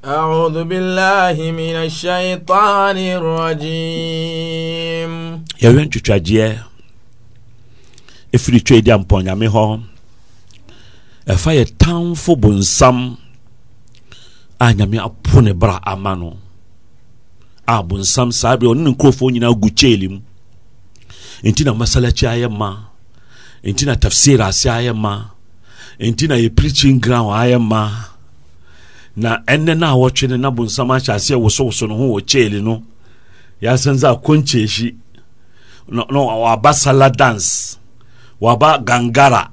أعوذ بالله من الشيطان الرجيم yɛhwɛ ntwitwadeɛ ɛfiri twa adi ampɔnyame hɔ ɛfa yɛ tamfo bonsam a nyame apo ne bra ama a bonsam saa berɛ ɔne ne nkurɔfoɔ nyinaa gu kyeeli mu na masalakyi ayɛ ma na tafsir ase na na ɛnɛ na a wɔtwe ne nabonsam ahyɛ aseɛ wosowoso no ho wɔ kyeeli no yɛasɛn sɛ akonkyeehyi no waba sala dance waba gangara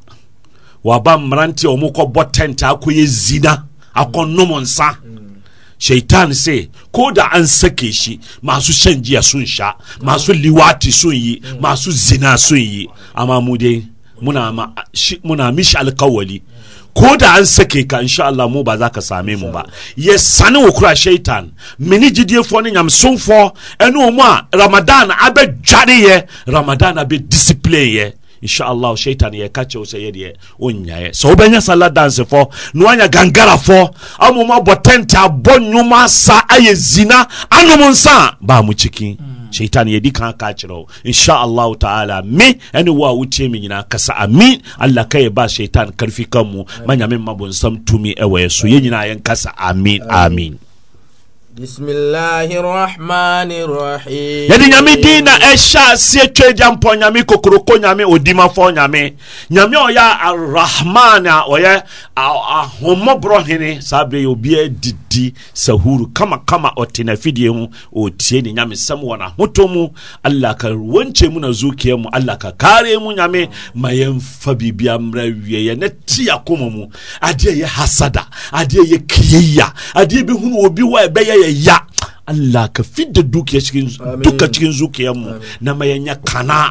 waba mmerante a ɔmokɔbɔ tent akɔyɛ zina akɔnom nsa shaitan se ko da an sake shi masu shan giya masu liwati sun yi masu zina sun yi amma mu dai muna, muna mishi alkawali ko da an sake ka insha Allah mu ba za ka same mu ba yɛ sane wo kura shaitan mene gyidiefoɔ ne nyamsomfoɔ ɛne wɔ mu a ramadan abɛdware yɛ ramadan abɛdiscipline yɛ inshallah shaitan yɛ ka kyɛw sɛ yɛdeɛ wonyaeɛ sɛ wobɛnya sala dansefoɔ na woanya gangarafoɔ amom abɔ tente abɔ nnwoma asa ayɛ zina anom nsa a mu kyikin mm shaitan ya di kan ka kyerɛw insha Allah ta'ala me ɛne wo a wotie me nyinaa kasa amin Allah ka ba shaitan karfi kan mu ma nyame ma bonsam tumi ɛwɔ yɛ so yɛ nyinaa yɛn kasa amin amin, amin. yɛde nyame din na ɛhyɛ aseɛ twa agya mpɔ nyame kokoroko nyame odimafɔ nyame nyame a ɔyɛ arahman a ɔyɛ ahommɔborɔ hene saa berɛ yɛ didi sahuru kamakama ɔte n'afidie ho ɔtie ne nyamesɛm wɔ n'ahotɔ mu allah ka mu na zukia mu allah kare mu nyame ma yɛmfa biribia mmra wieɛ na ti akoma mu adeɛ yɛ hasada adeɛ yɛ kieya adeɛ bi hunu obi wɔ ɛbɛyɛ Yeah. Allah ka fidda dukiya cikin duka cikin mu na mayanya kana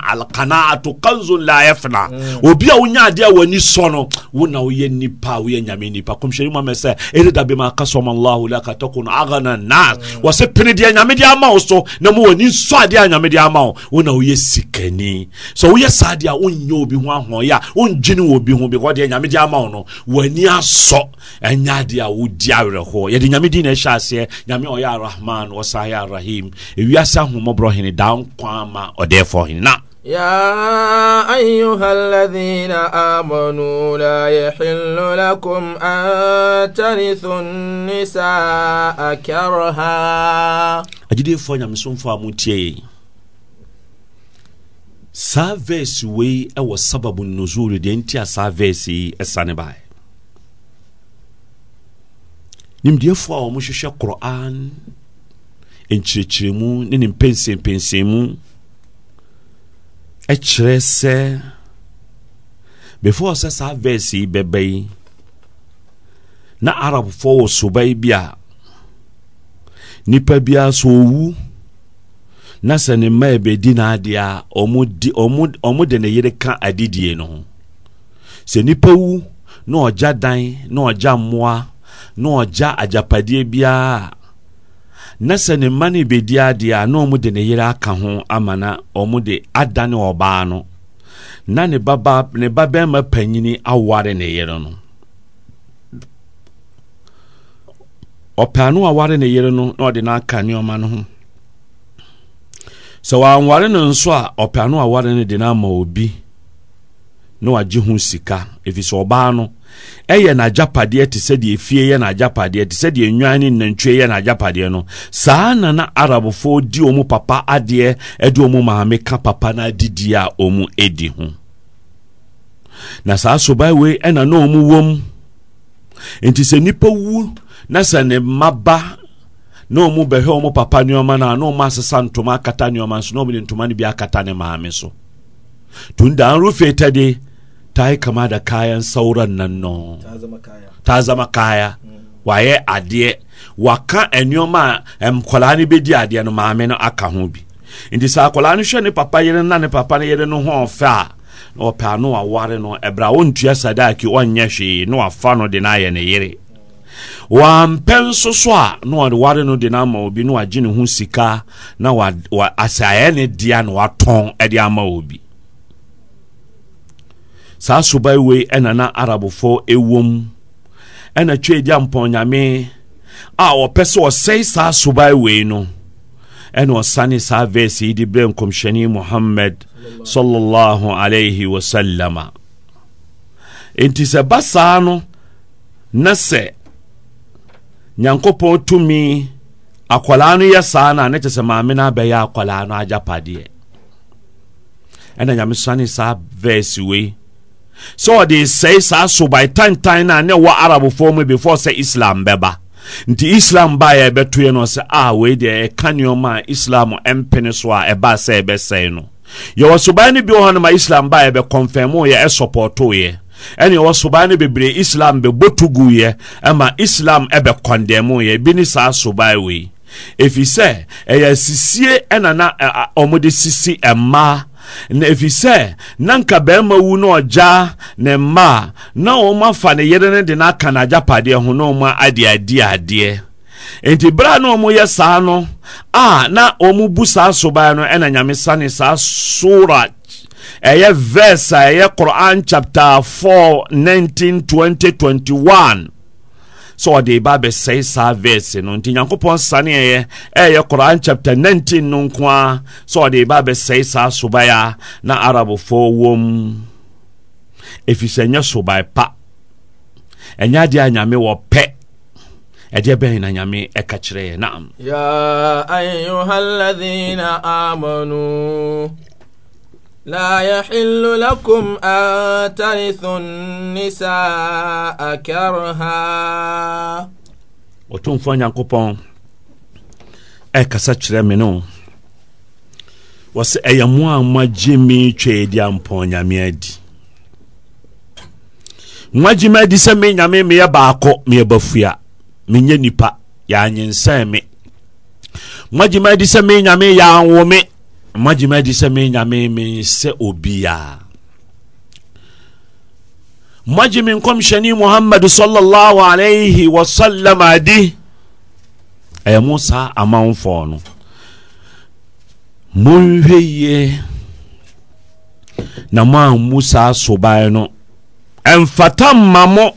to kanzun la yafna obi a wonya dia w'ani sono wuna sɔ no wona woyɛ nipa shiri ma nyame nipa kɔmhyɛni mu sɛ ɛreda bima allah la ka takun aghana nas wɔ sɛ pene deɛ nyame dia ma wo so na mu w'ani so dia a nyame dia ma wo wona woyɛ sikani so woyɛ sa dia a wonyɛ obi ho ahoɔyɛ a wongyene wo obi ho bi bikɔ deɛ nyame dia ma wo no w'ani aso e asɔ dia adeɛ a wodi awerɛhoɔ yɛde nyame din na ɛhyɛ aseɛ nyame ya rahman rahman wɔsae rahim ewiase ahommɔborɔ hene daa nkwa ama ɔdɛɛfɔ hene na يا أيها الذين آمنوا لا يحل لكم أن ترثوا النساء كرها أجدي فونيا مسوم فامونتي saa verse wei ɛwɔ sababu nuzul deɛ nti a saa verse yi ɛsane baeɛ nimdeɛfoɔ a wɔmohwehwɛ quran nkyerɛkyerɛmu ne ne mpɛnsɛmpɛnsɛmu ɛkyerɛ sɛ before sɛ saa verse yi bɛbɛ yi na arabfoɔ wɔ sobae bi a nnipa biara sɛ ɔwu na sɛ ne mma ɛbɛdi n'adeɛ a ɔmo de ne yere ka adidie no ho sɛ nnipa wu na ɔgya dan na ɔgya mmoa na ɔgya agyapadeɛ biara na sɛ ne mma no bɛdi adeɛ a na ɔmo de ne yere aka ho ama na ɔmo de adane ɔbaa no na ne baba ne babarima panyini aware ne yere no aware ne yere no na ɔde no aka nneɔma no ho sɛ wanware no na wagye ho sika ɛfiri sɛ ɔbaa no ɛyɛ n'agyapadeɛ te sɛ deɛ fie yɛ n'agyapadeɛ te sɛ deɛ nnwan ne nantwie yɛ n'agyapadeɛ no saa na na arabfoɔ di ɔmo papa adeɛ ɛde ɔmo maame ka papa no adidi a ɔmo ɛdi ho na saa sobaewe ɛna na ɔmo wom nti sɛ nipa wu na sɛ ne mmaba na ɔmo bɛhwɛ ɔmo papa nneɛma no na ɔmo asesa ntoma akata nneɛma so na ɔmo de ntoma no bi akata ne maame so tundan rufe tɛde ta yi kama da kayan sauran nan no ta zama kaya mm. wayɛ adeɛ waka nneɛma a nkwadaa no bɛdi adeɛ no maame no aka ho bi nti sɛ akwadaa no hwɛ ne papa yere na ne papa no yere no ho ɔfɛ a na ɔpɛ ano aware no ɛbra ɔntua sadaki ɔnyɛ hwee na wafa no de no ayɛ ne yere wampɛ nso so a na ɔde ware no de no ama obi na wagye ne ho sika na wa asɛ ayɛ ne dea na watɔn de ama obi saa suban wei ɛna na arabfoɔ ɛwom ɛna twa agya mpɔnyame a ɔpɛ sɛ ɔsɛe saa suban no ɛna ɔsane saa verse yi de berɛ nkɔmhyɛne muhammad sallallahu alaihi wasallama enti sɛ ba saa no na sɛ nyankopɔn tumi akwalaa no yɛ saa no a ne kyɛ sɛ maame no abɛyɛ akwalaa no agyapadeɛ ɛna nyame sane saa verse wei sɛ ɔde nsɛe saa sobae tantan no a ne ɛwɔ arabfoɔ mu before sɛ islam bɛba nti islam baa yɛ eh, ɛbɛtoeɛ eh, no sɛ a ah, wei deɛ ɛka eh, nneɔma a islam ɛmpene so a ɛbaa sɛ ɛbɛsɛe no yɛwɔ sobae no bi wɔ oh, hɔ no ma islam baa yɛbɛkɔmfɛmo yɛ ɛsɔpɔtoeɛ ɛne ɛwɔ sobae no bebree islam bɛbɔto guiɛ ɛma islam ɛbɛkɔndɛmoyɛ oh, bi ne saa sobae wei ɛfiri sɛ ɛyɛ sisie ɛna na ɔmode ah, sisi ɛmmaa na ɛfiri sɛ na nka barima wu na ɔgya ne mma na wɔn afa ne yere ne de no aka n'agyapadeɛ ho na wɔn ade adi adeɛ nti bere a na wɔn yɛ saa no a na wɔn bu saa soban no ɛna nyame sane saa sora ɛyɛ verse a ɛyɛ koran chapter four nineteen twenty twenty one so ɔde ba abɛsɛe saa verse no nti nyankopɔn saneɛyɛ ɛyɛ koran chapter 19 no nko a so ɔde ba bɛsɛe saa sobaya na arabfoɔ wom ɛfiri sɛ ɛnyɛ sobae pa ɛnyɛ adeɛ a nyame wɔpɛ ɛdeɛ bɛn na nyame ɛka kyerɛɛ na naam ya amanu لا يحل لكم أن ترثوا النساء كرها ɔtumfoɔ nyankopɔn ɛkasa kyerɛ me no wɔsɛ ɛyɛ mo a moagye me twɛ di ampɔn nyame adi moagye me adi sɛ me nyame meyɛ baakɔ meyɛ bafua menyɛ nipa yɛanyensan me moagye me adi sɛ me nyame yɛanwo me magyima di sɛ menyame mensɛ obiaa magyimi nkɔmhyɛne muhammad sallallahu alaihi wasallam adi ɛyɛ mo saa amanfoɔ no monhwɛ yie na moammu saa soban no ɛmfata mma mo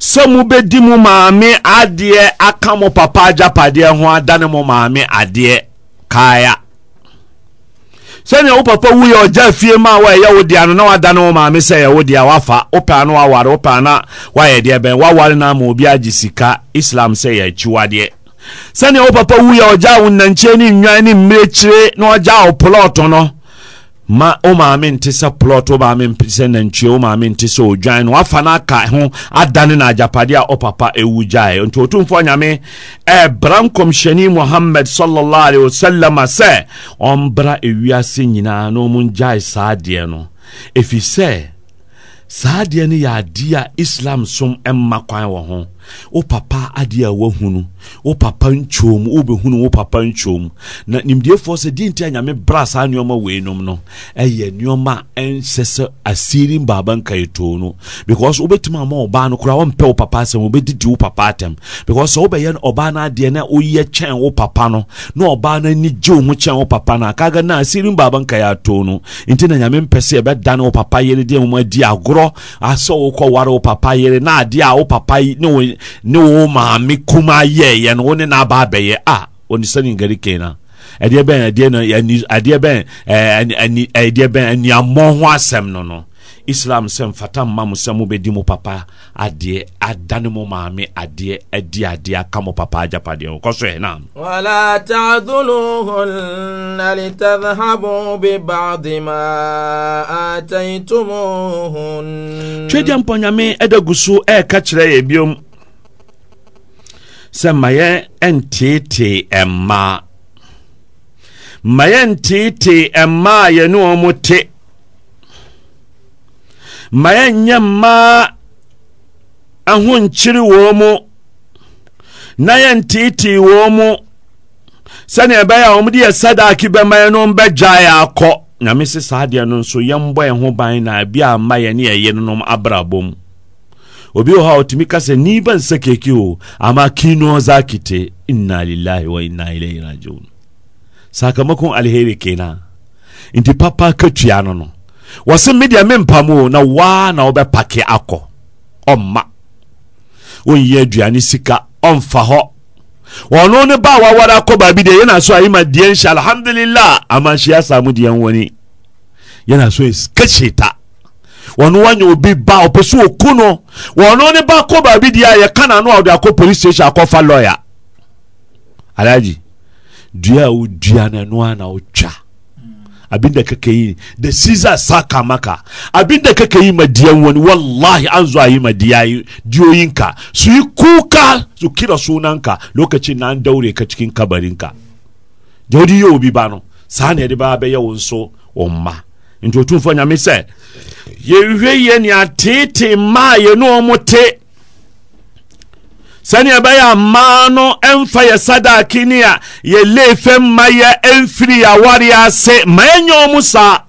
sɛ mobɛdi mo maame adeɛ aka mo papa agyapadeɛ ho adane mo maame adeɛ kaaya wo papa wu yɛ ɔgya fie ma a wɔyɛ wo dea no na wada ne wo maame sɛ ɛyɛ wo dea wafa wopɛ a no waware wopɛ a na wayɛ deɛ bɛn waware no ama obi agye sika islam sɛ yɛ akyiwadeɛ sɛnea wo papa wu yɛ ɔgya wo nnankyɛ ne nnwan ne mmirekyire na ɔgya wo plɔt no ma wo maame nte sɛ plot wo maame nte sɛ nantwie wo maame nte sɛ odwan no wafa no aka ho adane no agyapadeɛ a ɔpapa ɛwu gyae nti ɔtumfoɔ nyame ɛbra nkɔmhyɛni mohammad sallallahu alaihi wasallam sɛ ɔmbra ewiase nyinaa na ɔmu ngyae saa adeɛ no ɛfiri sɛ saa adeɛ no yɛ adeɛ a islam som ɛmma kwan wɔ ho wo papa adeɛ a woahu no wo papa ntwom wobɛhunu wo papa hunu na nimdeefoɔ sɛ deɛ nti a nyame bra saa nneɔma weinom no ɛyɛ nneɔma a ɛnsɛ sɛ asiri baaba nka yɛtoo no because wobɛtumi ama ɔbaa no wo papa asɛm wobɛdidi wo papa atɛm because sɛ wobɛyɛ ɔbaa no adeɛ na woyɛ kyɛn wo papa no na ɔbaa no ani gye wo ho kyɛn wo papa no akaga asiri nka yɛ no nti na nyame mpɛ sɛ papa yere deɛ agorɔ asɛ wo na adeɛ a wo papa ne wo maame kuma yɛɛyɛ no wo ne na aba abɛyɛ a onisani ngari kee na ɛdeɛ bɛn ɛdeɛ no ɛdeɛ bɛn ɛɛ ɛdeɛ bɛn ɛniamɔ ho asɛm no no islam sɛ mfata mma mo sɛ mobɛdi mo papa adeɛ adane mo maame adeɛ adi adeɛ aka mo papa agyapadeɛ wokɔ so ɛna wala tadhuluhunna litadhhabu bibadi ma ataitumuhun twedeɛ mpɔ nyame ɛda gu so ɛɛka kyerɛ yɛ biom sɛ ma yɛn nteetee mmaa mmaa a yɛne wɔn mo te ma nyɛ mmaa ahonkyere wɔn mo na yɛn nteetee wɔn mo sɛnea ɛbɛyɛ a wɔn de yɛ sadaki bɛma yɛn no bɛgya yɛ akɔ nyame sɛ adeɛ no nso yɛn bɔ yɛn ho ban na ebi a ma yɛn ne yɛn obi wɔ hɔ a ɔtumi kasa ni ba nsa keke o ama kino za kite inna lillahi wa inna ilaihi rajiun sakamakon alheri kenan nti papa katua no no wɔse me deɛ mempam o na waa na wobɛpake akɔ ɔmma wonyɛ aduane sika ɔmfa hɔ wɔno ne ba a waware akɔ baabi deɛ yɛna so a yima deɛ nhyɛ alhamdulillah ama hyia saa mu deɛ nwani yɛna so ɛsika hyeta wɔno wanya obi ba ɔpɛ sɛ ɔku no wɔno ne ba kɔ baabi deɛ a yɛka na a ɔde akɔ police station akɔfa lɔya alagye dua a wodua no ɛno a na wotwa abin da yi da shi saka maka abin da yi madiyan wani wallahi an zuwa yi madiyoyinka su yi kuka su kira sunanka lokacin na an daure ka cikin kabarinka jaudi yau bi bano sani ya ba bai yawon so umma nti ɔtumfoɔ nyame sɛ yɛhwɛ yie nea teetee mmaa yɛne ɔmo te sɛnea ɛbɛyɛ mmaa no ɛmfa yɛ sadaki ne a yɛlee fam ma yɛ ɛmfiri yɛaware ase ma ɛnyɛ ɔmo saa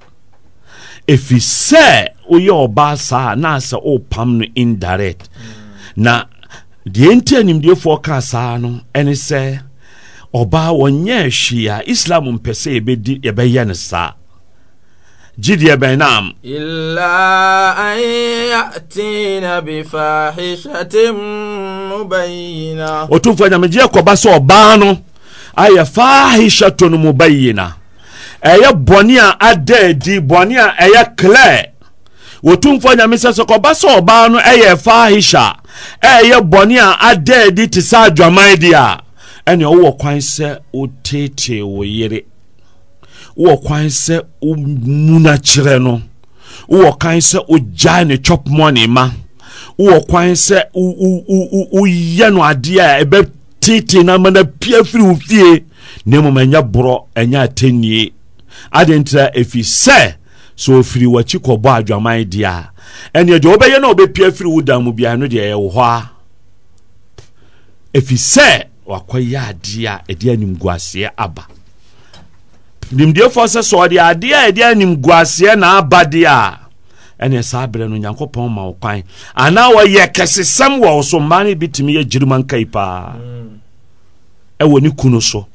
ɛfiri sɛ woyɛ ɔbaa saa na sɛ wopam no indirect na deɛ nti animdiefoɔ kaa saa no ɛne sɛ ɔbaa wɔnyɛɛ hwee a islam mpɛ sɛ yɛbɛyɛ no saa gyidiɛ bɛn naam. ilà ayé tí na bí fàáhísàtì mú bẹ́yìn na. otumfo nyamegye kɔba sɛ ɔbaa no ayɛ fàáhísàtì mu bẹ́yìn na ɛyɛ bɔnni a ada adi bɔnni a ɛyɛ clear otumfo nyame sɛ sɛ kɔba sɛ ɔbaa no ɛyɛ fàáhísà ɛyɛ bɔnni a ada adi te sɛ adwaman di a ɛnna ɔwɔ kwan sɛ ɔteetee wɔ yere wowɔ kwan sɛ womu no kyerɛ no wowɔ kwan sɛ wogyae ne chop money ma wowɔ kwan sɛ woyɛ no adeɛ a ɛbɛtete no ama no pia firi wo fie na mmom ɛnyɛ borɔ ɛnyɛ atɛnnie adeɛ ntira ɛfiri sɛ sɛ ɔfiri w'akyi kɔbɔ adwaman deɛ a ɛneɛ deɛ wobɛyɛ no a wobɛpia firi wo dan mu biara no deɛ ɛyɛwo hɔ a ɛfiri sɛ wakɔyɛ adeɛ a ɛde animguaseɛ aba nimdeefoɔ sɛ sɛ ɔde adeɛ a ɛde anim guaseɛ na aba deɛ a ɛne saa berɛ no nyankopɔn ma wo kwan anaa wɔyɛ kɛsesɛm wɔ wo so mmaa no bitumi yɛ gyirima nkai paa hmm. ɛwɔ ne kunu so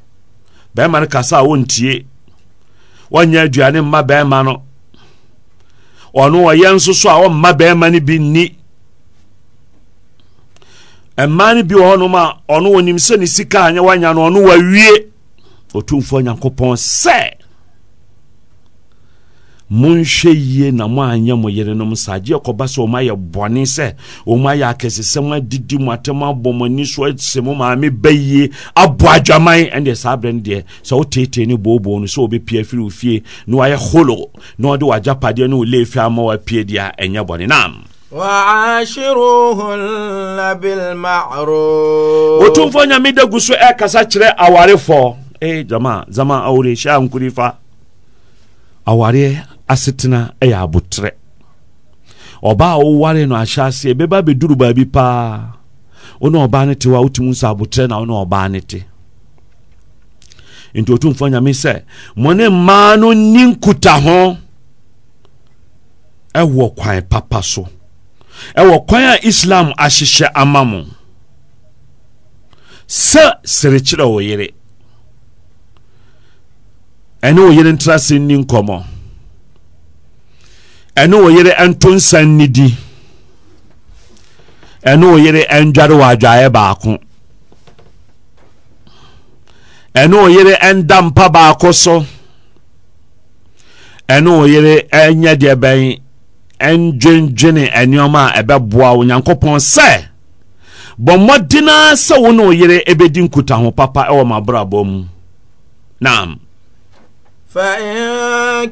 bɛrima no kasa a wɔntie wɔnyɛ aduane mma bɛrima no ɔno ɔyɛ nso so a ɔmma bɛrima no bi nni mmaa no bi wɔ hɔnom a ɔno wɔnim sɛ ne sika anyɛ wanya no ɔno wawie ɔtumfoɔ nyankopɔn sɛ monhwɛ yie na moanyɛ mo yerenom saa gye ɛkɔba sɛ ɔma ayɛ bɔne sɛ ɔma ayɛ akɛsesɛm adidi mo atam abɔ mo ani so asɛ mo maame ba yie abɔ adwaman ɛndeɛ saa berɛ no deɛ sɛ woteetee ne booboo no sɛ wobɛpie afiri wo fie na wayɛ holo na wɔde wagyapadeɛ ne wo lefi ama wapie deɛ ɛnyɛ bɔne nam ɔtomfoɔ nyame da gu so ɛkasa kyerɛ awarefoɔ eh jama'a zaman aure sha hankuri fa a ware asetena ɛyɛ abotire ɔbaa a woware no ahyɛ aseɛ bɛba bɛduru baabi paa wo ne ɔbaa no te hɔ a wotumi nso abotire na wo ne ɔbaa no te nti ɔtumfoɔ nyame sɛ mo ne mmaa no nni nkuta ho ɛwɔ kwan papa so ɛwɔ kwan a islam ahyehyɛ ama mo sɛ serekyerɛ wo yere ɛne oyere yere nni nkɔmmɔ ɛne oyere yere nto nsa nnidi ɛne oyere yere wɔ adwaeɛ baako ɛne oyere yere nda mpa baako so ɛne oyere yere nyɛ deɛ bɛn ndwendwene nneɛma a ɛbɛboa onyankopɔn sɛ bɔ mmɔdenaa sɛ wo ne papa ɛwɔ mabrabɔ mu naam فإن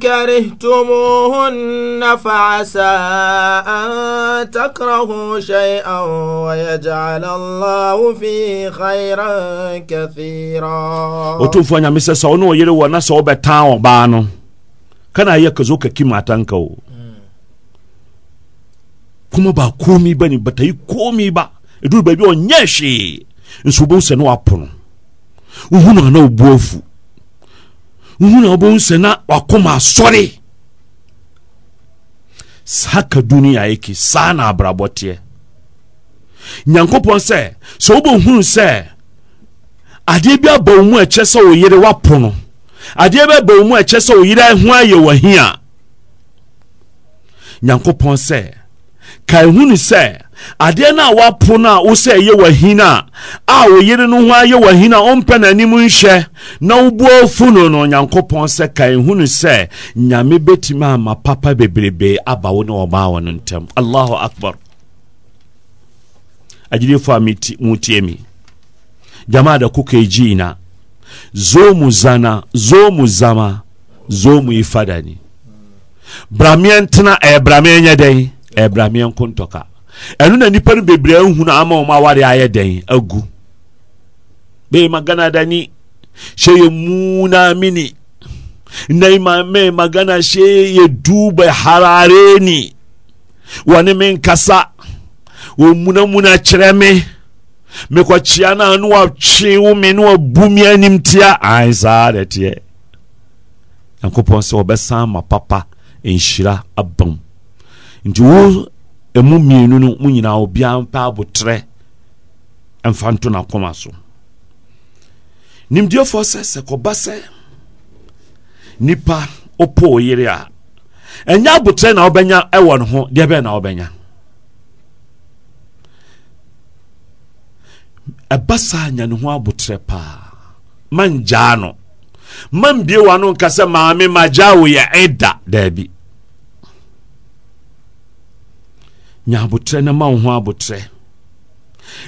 كرهتموهن فعسى أن تكرهوا شيئا ويجعل الله فيه خيرا كثيرا otumfuɔ nyame sɛ sɛ wo ne ɔyere wɔ na sɛ wobɛtaa ɔbaa no kana yɛ ka zo ka ki matanka o kuma ba komi ba ne batayi komi ba ɛduru baabi ɔnyɛ hwee nso wobɛhu sɛ ne wapo no wohu no ana wobu afu nhunu a wobɛhu nse na wakoma asɔre saa ka dunia eke saa na abrabɔ teɛ nyankopɔn sɛ sɛ wobɛhunu sɛ adeɛ bi aba wo mu ɛkyɛ sɛ wo yere wapo no adeɛ bi aba wo mu ɛkyɛ sɛ wo yere ayɛ nyankopɔn sɛ ka ɛhunu sɛ adeɛ no a woapo no a wo sɛ ɛyɛ w'ahina a wo yere no ho ayɛ w'ahina ɔmpɛ n'anim nhyɛ na wobuo fu no no onyankopɔn sɛ kae hunu sɛ nyame bɛtumi ama papa bebrebee aba wo ne ɔmaa wɔ no ntam allahu akbar agyidifoɔ a motie mi jamaa da kuka jiina zo mu zana zo mu zama zo mu ifadani brameɛ ntena ɛyɛ brameɛ nyɛ dɛn ɛyɛ brameɛ nkontɔka ɛno na nipa no bebree ahunu ama wɔn aware ayɛ dɛn agu bɛɛma ghana dani hyɛ yɛ muna mini naima mɛɛma ghana hyɛ yɛ duba harare wɔne me nkasa munamuna kyerɛ me mekɔkyea no a ne wɔatwe wo me ne wɔabu me anim tia ae saa dɛteɛ nyankopɔn sɛ wɔbɛsan ma papa nhyira abam nti wo ɛmu mmienu no mu nyinaa obiara mpɛ abotrɛ mfa nto n'akoma so nimdiefoɔ sɛ sɛ kɔba sɛ nipa opo yere a ɛnyɛ abotrɛ na wobɛnya ɛwɔ ne ho deɛ ebe na wobɛnya ɛba saa nya ne ho abotrɛ paa mangyaa no mambie wa no nka sɛ maame magyaa wo yɛ ɛda daabi nya abotrɛ na ma wo ho abotrɛ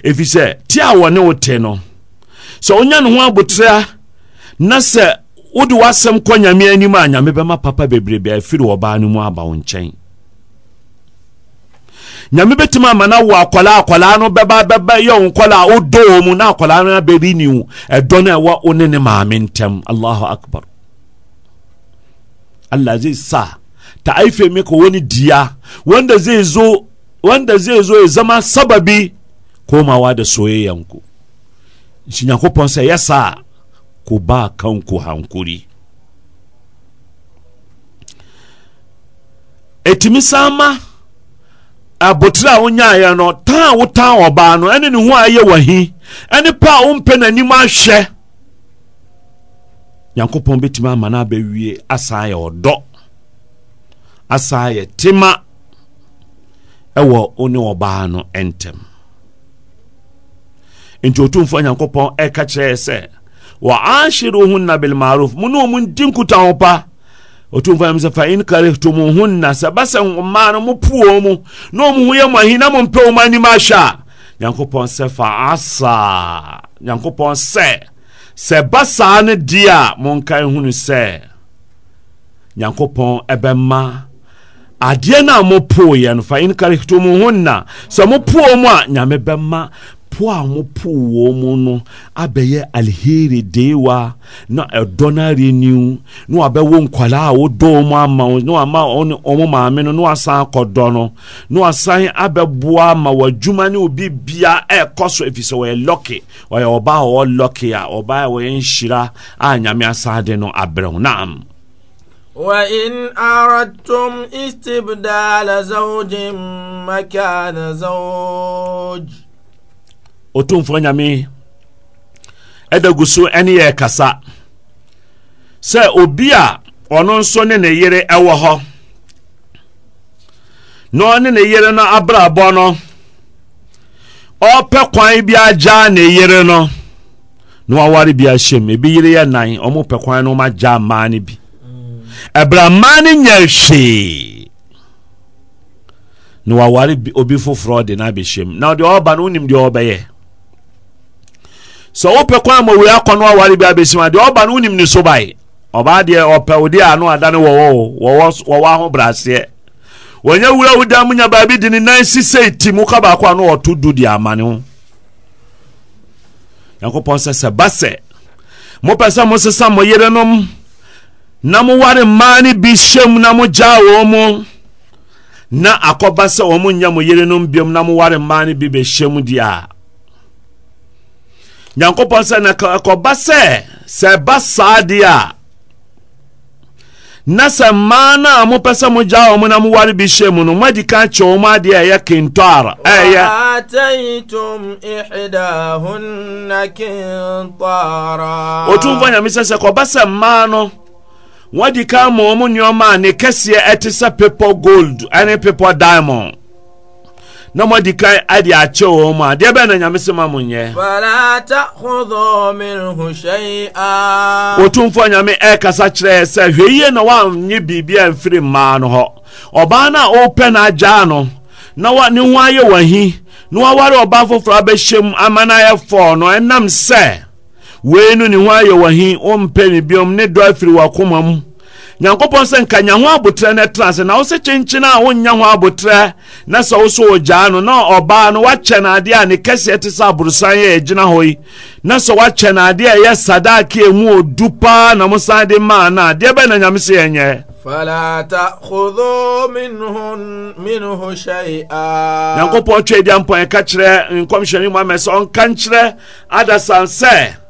ɛfiri sɛ te a wɔne wo te no sɛ wonya ne ho abotrɛ a na sɛ wode w'asɛm kɔ nyame anim a nyame bɛma papa bebrebe a ɛfiri wɔbaa no mu aba wo nkyɛn nyame bɛtumi ama no wo akwalaa akwalaa no bɛba bɛba yɛ wo nkɔla a wodoo mu na akwalaa no abɛri ni wo ɛdɔ no ɛwɔ wo ne ne maame ntam allahu akbar allah zai sa ta aife maka wani diya wanda zai zo wanda zai zo ya zama sababi komawa da soyayyanku shi yankufansa ya sa ku ba kanku hankuri ɛtumi san ma abotire a wonyaeɛ no tan a wotan ɔbaa no ɛne ne ho a ɛyɛ wahi ɛne pa a wompɛ n'anim ahwɛ nyankopɔn bɛtumi ama no abɛwie asan yɛ ɔdɔ asan yɛ tema ɛwɔ wo ne ɔbaa no ɛntɛm nti ɔtumfoɔ nyankopɔn ɛka kyerɛɛ sɛ waashiruhunna bilmaruf mu ne ɔmu ndi nkutaho pa ɔtumfoɔ nyam sɛ fa in karihtumuhunna sɛ ɛba sɛ mmaa no mopuo mu na ɔmu ho yɛ mo ahina mo mpɛ wo ma anim ahyɛ a nyankopɔn sɛ fa asa nyankopɔn sɛ sɛ ba saa no di a monkae hunu sɛ nyankopɔn ɛbɛma adeɛ no a mopoeɛ no fa inkarihtum hunna sɛ mopoo mu a nyame bɛma po a mopoo wɔ mu no abɛyɛ alheri deewa na ɛdɔ no areniu na wabɛwo nkwalaa a wodɔɔ mu ama wo na wama ɔmo maame no na wasan akɔdɔ no na wasan abɛboa ma wadwuma ne obi bia ɛɛkɔ so ɛfiri sɛ wɔyɛ lɔke ɔyɛ ɔbaa a ɔwɔ lɔke a ɔbaa a wɔyɛ nhyira a nyame asade no abrɛ ho naam وإن أردتم استبدال زوج مكان زوج Otumfoɔ Nyame ɛda gu so ɛne yɛ kasa sɛ obi a ɔno nso ne ne yere ɛwɔ hɔ ɔpɛ kwan bi agyaa ne yere no na waware bi ahyɛm ebi yere yɛ nan ɔmo pɛ kwan no ɔmo agyaa mmaa no ɛberɛ amaa nye hwee na waware obi foforɔ de no na deɛ ɔba no wonim deɛ ɔbɛyɛ sɛ wopɛ kwan ma wei akɔ no bi a deɛ ɔba no wonim ne so bae ɔbaa deɛ ɔpɛ wo deɛ ano ada no wɔwɔ wɔwɔ aho braseɛ wɔnyɛ wura wo da mu nya baabi de ne nan sisɛ ti mu ka baako wɔto du deɛ amane ho nyankopɔn sɛ sɛ ba sɛ mopɛ sɛ mosesa mo yerenom na moware mmaa no bi hyɛm na mogyaa wɔn mu na akɔba sɛ wɔn nyɛ mo yerenom biom na moware mmaa no bi bɛhyɛm deɛ a nyankopɔn sɛ na ɛkɔba sɛ sɛ ɛba saa deɛ a na sɛ mmaa no a mopɛ sɛ mogyaa wɔn na moware bi hyɛ mu no moadi ka kyerɛ wɔn adeɛ a ɛyɛ kentɔara ɛyɛ ɔtumfoɔ nyame sɛ sɛ ɛkɔba sɛ mmaa no wɔdi kan ma wɔn nneɛma a ne kɛseɛ ɛte sɛ pepɔ gold ɛne pepɔ diamond na wɔdi kan ɛde akyɛ wɔn a deɛ bɛn na nyame sɛ ma mo nyɛ. falata kodɔ minhu hyɛn a. otumfo nyame ɛkasa kyerɛ sɛ hwɛ yie na wɔanye biribi a mfiri mmaa no hɔ ɔbaa no a ɔrepɛ no agyaa no na wa ne ho ayɛ wɔn ahi na wɔaware ɔbaa foforɔ abɛhyɛ mu ama no ayɛ fɔɔ no ɛnam sɛ wei no ne ho ayɛ wɔhe wompɛ ne biom ne dɔ afiri wakoma mu nyankopɔn sɛ nka nya ho abotrɛ no ɛtena ase na wo sɛ kyenkyen a wonya ho abotrɛ na sɛ wo so ɔgyaa no na ɔbaa no woakyɛ no adeɛ a ne kɛseɛ te sɛ aborosan yɛ ɛgyina hɔ yi na sɛ woakyɛ no adeɛ a ɛyɛ sadake ɛmu ɔdu paa na mo de maa no a deɛ bɛn na nyame sɛ yɛnyɛ nyankopɔn twɛ dia mpɔn ɛka kyerɛ nkɔmhyɛne mu amɛ sɛ ɔnka nkyerɛ adasan sɛ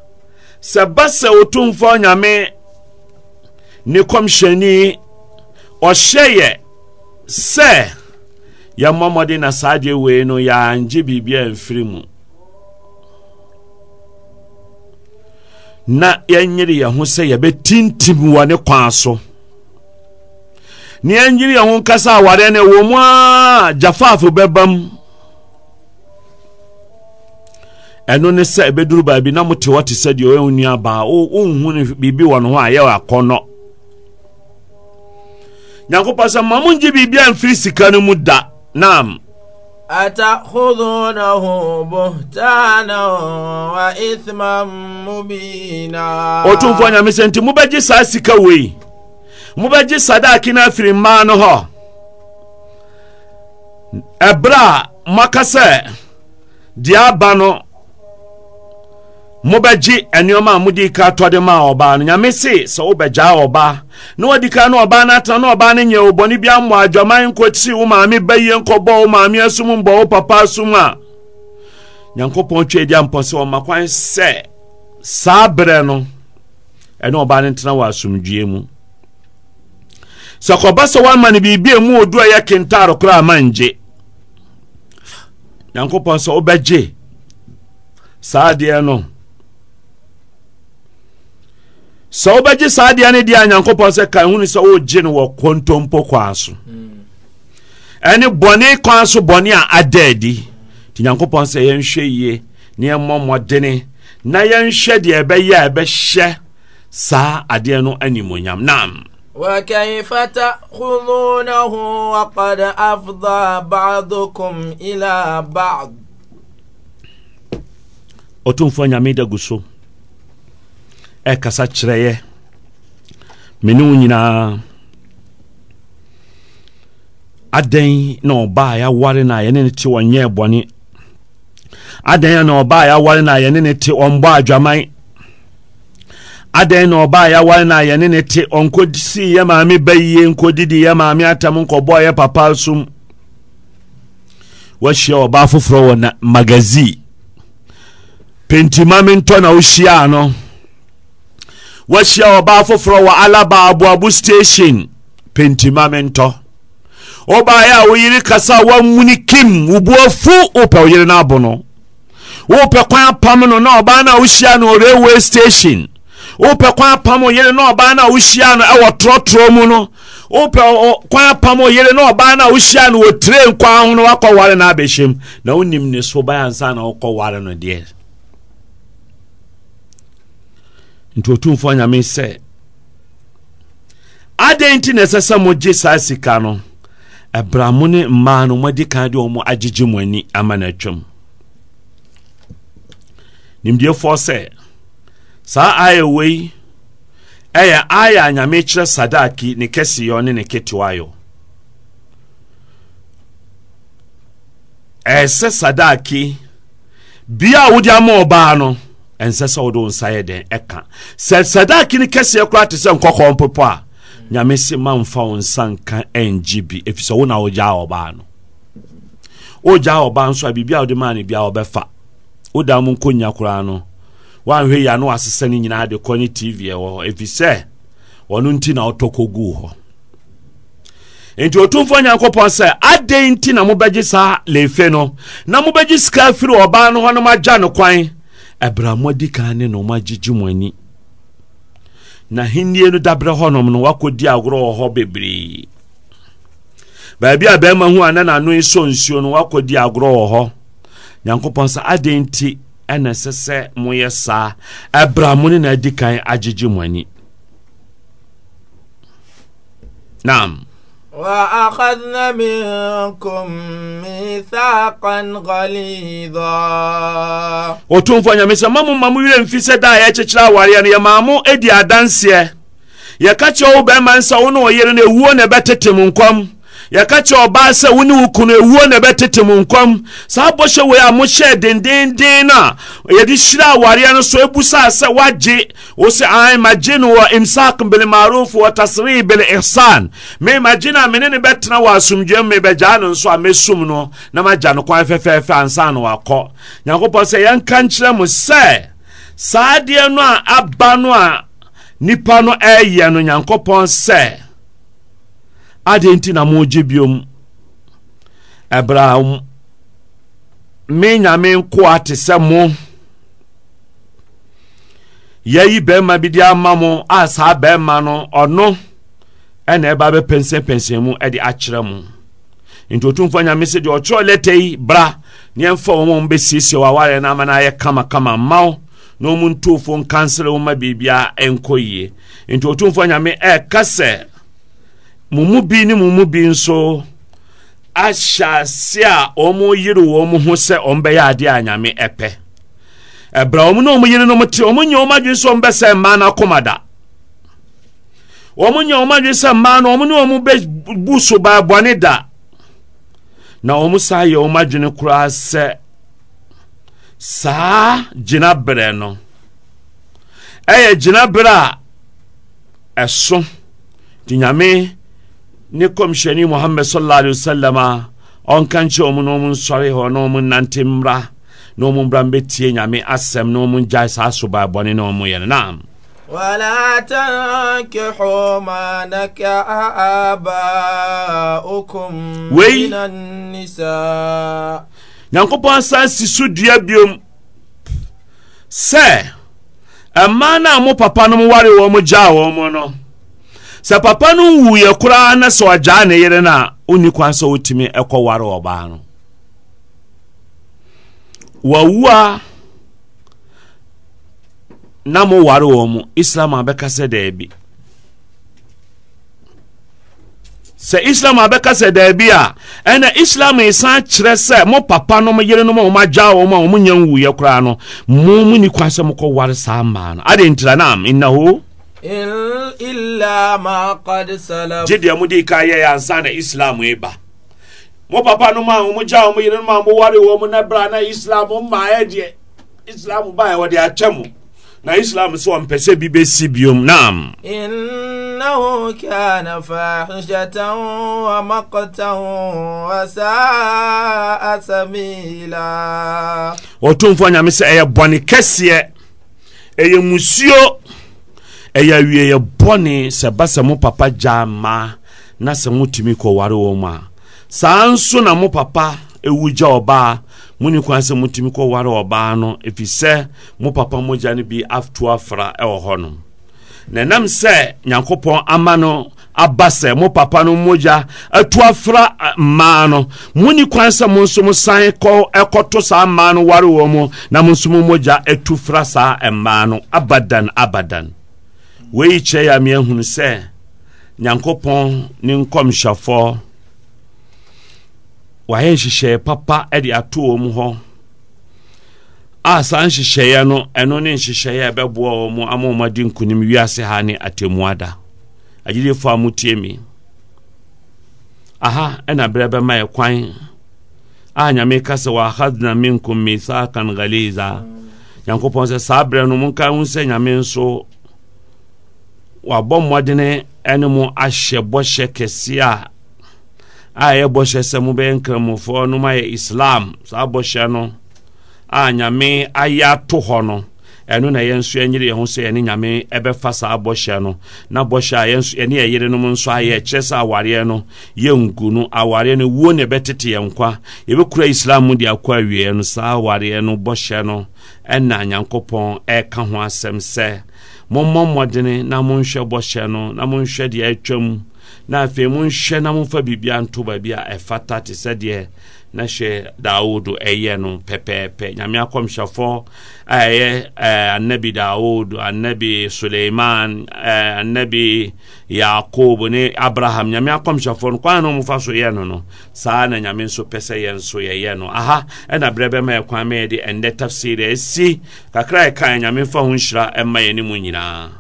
sɛ ba sɛ otumfoɔ nyame ne kɔmhyɛni ɔhyɛyɛ sɛ yɛmmɔ mmɔden na saa adeɛ wei no yɛangye biribia mfiri mu na yɛnyere yɛn ho sɛ yɛbɛtintim wɔ ne kwan so ne yɛnyere yɛn ho nkasa awareɛ no ɛwɔ mu a gyafaafo bɛba mu ɛno ne sɛ ɛbɛduru baabi na mote hɔ te sɛ deɛ ɔyɛ nua baa wonhu no biribi wɔ ne ho a yɛ akɔnnɔ nyankopɔn sɛ ma mongye biribia mfiri sika no mu da nam أتأخذونه بهتانا وإثما مبينا ɔtomfoɔ nyame sɛ nti mobɛgye saa sika wei mobɛgye sadaki no afiri mmaa no hɔ ɛberɛ a moaka sɛ deɛ aba no mobɛgye nneɛma a mode ka tɔ de ma ɔbaa no nyame se sɛ wobɛgyaa ɔbaa na wadi ka na ɔbaa no atena na ɔbaa no nyɛ obɔne bi ammɔ adwaman nkɔkyiri wo maame bɛyie nkɔbɔ wo maame asom mbɔ wo papa asom a nyankopɔn twa adi ampɔ sɛ ɔma kwan sɛ saa berɛ no ɛne ɔbaa no ntena wɔ asomdwie mu sɛ kɔba sɛ woama no biribi mu ɔdu a yɛ kentare koraa ma ngye nyankopɔn sɛ wobɛgye saa deɛ no sɛ wobɛgye saa adeɛ no deɛ a nyankopɔn sɛ ka hunu sɛ wogye no wɔ kontompo kwaa so ɛne bɔne kwan so bɔne a adaadi nti nyankopɔn sɛ yɛnhwɛ yie na yɛmmɔ mmɔdene na yɛnhwɛ deɛ ɛbɛyɛ a ɛbɛhyɛ saa adeɛ no animonyam nam وكيف تأخذونه وقد أفضى بعضكم إلى بعض أتون ميدا ɛkasa kyerɛ yɛ mene wo nyinaa adɛn na ɔbaa yɛaware no a yɛne ne te ɔnyɛɛ bɔne adɛn na ɔbaa yɛaware no a yɛne ne te ɔmbɔ adwaman adɛn na ɔbaa yɛaware no a yɛne ne te ɔnkɔsii yɛ maame ba yie nkɔdidi yɛ maame atam nkɔbɔɔ yɛ papa som wahyia ɔbaa foforɔ wɔ magazine pentimame ntɔ na wohyiaa no woahyia ɔbaa foforɔ wɔ alaba aboabo station pentima wobaeɛ a wo kasa woamuni kim wo wopɛ wo no abo no wopɛ kwan apam no na ɔbaa no a wohyia no railway station wopɛ kwan apam yere na ɔbaa no a wohyia no ɛwɔ torɔtorɔ mu no wopɛ kwan apam na ɔbaa no a wohyia no wɔ ho no no na wonim nti otumfoɔ nyame sɛ adɛn nti na ɛsɛ sɛ mogye saa sika no ɛbra mo ne mmaa no moadi kan de ɔmo agyegye mo ani ama no atwam nimdiefoɔ sɛ saa aya wei ɛyɛ aya a nyame kyerɛ sadaki ne kɛseyɔ ne ne ketewayɔ ɛyɛ sadaki bia wode ama ɔbaa no ɛnsɛ sɛ wode wo nsa yɛ den ɛka sɛ sadaki no kɛseɛ koraa te sɛ nkɔkɔɔ mpopɔ a nyame se ma mfa wo nsa nka ɛngye bi ɛfiri sɛ wo na wogyaa ɔbaa no wogyaa ɔbaa nso a biribia wode maa no biaa wɔbɛfa woda mu nkɔnya koraa no woanhwɛ yi a wasesɛ no nyinaa de kɔ ne tv ɛwɔ hɔ ɛfiri sɛ ɔno nti na wotɔ kɔguu hɔ nti otumfoɔ nyankopɔn sɛ adɛn nti na mobɛgye saa lefe no na mobɛgye sika afiri ɔbaa no hɔ no magya no kwan ɛberɛ moadi kan ne no moagyegye mo ani na hennie no daberɛ hɔnom no di agorɔ wɔ hɔ bebree baabi a bɛrima hu ana nano yi nso nsuo no di agorɔ wɔ hɔ nyankopɔn sɛ adɛn nti ɛna ɛsɛ sɛ moyɛ saa ɛberɛ mo ne na adi kan agyegye mo ani nam وأخذنا منكم ميثاقا غليظا ɔtomfoɔ nyame sɛ mamu ma mo werɛ mfi sɛ da a yɛkyekyerɛ awareɛ no yɛmaa mo adi adanseɛ yɛka kyerɛ wo bɛrima nsa wo ne ɔyere no ɛwuo yɛka kyerɛ ɔbaa sɛ wo ne wo kunu ewuo na ɛbɛtete mu nkɔm saa bɔhyɛ wei a mohyɛɛ dendenden no a yɛde hyira awareɛ no so ɛbusaa e sɛ woagye wo sɛ an ah, magye no wɔ imsak bilmaruf wɔ tasrii bilihsan me magye no a mene ne bɛtena wɔ asomdwam mebɛgyaa no nso a mɛsum no na magya no kwan fɛfɛɛfɛ ansa na wakɔ nyankopɔn sɛ yɛnka nkyerɛ mo sɛ saa adeɛ no a aba no a nipa no ɛɛyɛ e no nyankopɔn sɛ adịn nti na mogye biom ɛberɛ a me nyame nkoa te sɛ mo yɛyi barima bi de ama mo a saa barima no ɔno ɛna ɛba bɛpɛnsɛpɛnsɛn mu ɛde akyerɛ mo nti otumfoɔ nyame sɛ deɛ ɔkyerɛ lɛtɛ yi bra ne wɔ ma mbɛsiesie wɔ awareɛ no ama kamakama na ɔmu nkansere wo ma biribiaa ɛnkɔ yie nti otumfoɔ nyame ɛɛka sɛ mo mu bi ne mo bi nso ahyɛ ase a wɔn yiri wɔn ho sɛ wɔn bɛyɛ adeɛ a nyame ɛpɛ ɛbrɛ wɔn na wɔn yere no te wɔn nyɛ wɔn adwene sɛ wɔn bɛsɛ mmaa no akoma da wɔn nyɛ wɔn adwene sɛ mmaa no wɔn ne wɔn bɛ bu so da na wɔn san yɛ wɔn adwene koraa sɛ saa gyina no ɛyɛ gyina berɛ a ɛso ne kɔmhyɛni muhammad sallallahu alaihi wasallam a ɔnka nkyɛ ɔmo na nsɔre hɔ na ɔmo mmra na ɔmo mbɛtie nyame asɛm na ɔmo saa sobae bɔne na yɛ no naam ولا تنكحوا ما نكح آباؤكم من النساء nyankopɔn san si so dua biom sɛ ɛmaa no a mo papa nom ware sɛ papa no wuyɛ koraa na sɛ ɔgyaa ne yere no a wonni kwan sɛ wotumi ɛkɔ ware ɔbaa no wawu a na moware wɔ mu islam abɛka sɛ daabi sɛ islam abɛka sɛ daabi a ɛna islam san kyerɛ sɛ mo papa nom yerenom a ɔmagya wɔ mu a ɔmo nya nwuyɛ koraa no mo mu ni kwan sɛ mokɔware saa mmaa no ade ntira nam innaho illa ma qad salaf gyedeɛ mode kaeɛ yɛ ansa na islam ɛba mo papa no ma mo gya mo yere no ma mo ware wɔ mu na bra na islam mmaeɛ deɛ islam baeɛ wɔde akyɛ mo na islam sɛ ɔmpɛ sɛ bi bɛsi biom nam إنه كان فاحشة ومقتا وساء سبيلا ɔtomfoɔ nyame sɛ ɛyɛ bɔne kɛseɛ ɛyɛ musuo ɛyɛ awieɛ bɔne sɛ ba sɛ mo papa gyaa mmaa na sɛ motumi kɔware wɔ mu a saa nso na mo papa ewu gya ɔbaa mo ni kwan sɛ motumi kɔware ɔbaa no ɛfiri sɛ mo papa mogya no bi ato afra ɛwɔ hɔ nom na ɛnam sɛ nyankopɔn ama no aba sɛ mo papa no mogya atu afra mmaa no mo ni kwan sɛ mo nso mo san kɔ ɛkɔto saa mmaa no ware wɔ mu na mo nso mo mogya atu fra saa mmaa no abadan abadan wei kyerɛ yɛ ame ahunu sɛ nyankopɔn ne nkɔmhyɛfoɔ wayɛ nhyehyɛeɛ papa ɛde ato wɔ mu hɔ a saa nhyehyɛeɛ no ɛno ne nhyehyɛeɛ a ɛbɛboa wɔ mu ama wɔn adi nkonim wiase ha ne atemmuada agyilefoɔ a motie mi aha ɛna berɛ bɛma yɛ kwan a nyame ka sɛ wɔahadna minkum mithakan galiza nyankopɔn sɛ saa berɛ no monka hu sɛ nyame nso wabɔ mmɔdene ɛne mo ahyɛ bɔhyɛ kɛseɛ a a ɛyɛ bɔhyɛ sɛ mobɛyɛ nkramofoɔ no mayɛ islam saa bɔhyɛ no a nyame ayɛ ato hɔ no ɛno na yɛn nso yɛnyere yɛn ho sɛ yɛne nyame ɛbɛfa saa bɔhyɛ no na bɔhyɛ a yɛne yɛ yerenom nso ayɛ kyerɛ sɛ awareɛ no ngu no awareɛ no wuo ne ɛbɛtete yɛn kwa yɛbɛkura islam mu de akɔ awieɛ no saa awareɛ no bɔhyɛ no ɛna nyankopɔn ɛka ho asɛm sɛ mommɔ mmɔdene na monhwɛ bɔhyɛ no na monhwɛ deɛ mu na afei monhwɛ na momfa biribia nto baabi a ɛfata te sɛ deɛ na hyɛ daawoodo ɛyɛ no pɛpɛɛpɛ nyame akɔmhyɛfoɔ a ɛyɛ annabi daawoodo annabi suleiman annabi yakob ne abraham nyame akɔmhyɛfoɔ no kwan no mofa so yɛ no no saa na nyame nso pɛ sɛ yɛn so yɛyɛ no aha ɛna berɛ bɛma yɛ kwan ma yɛde ɛnnɛ tafsir ɛsi kakra ɛkae nyame fa ho nhyira ɛma yɛne mu nyinaa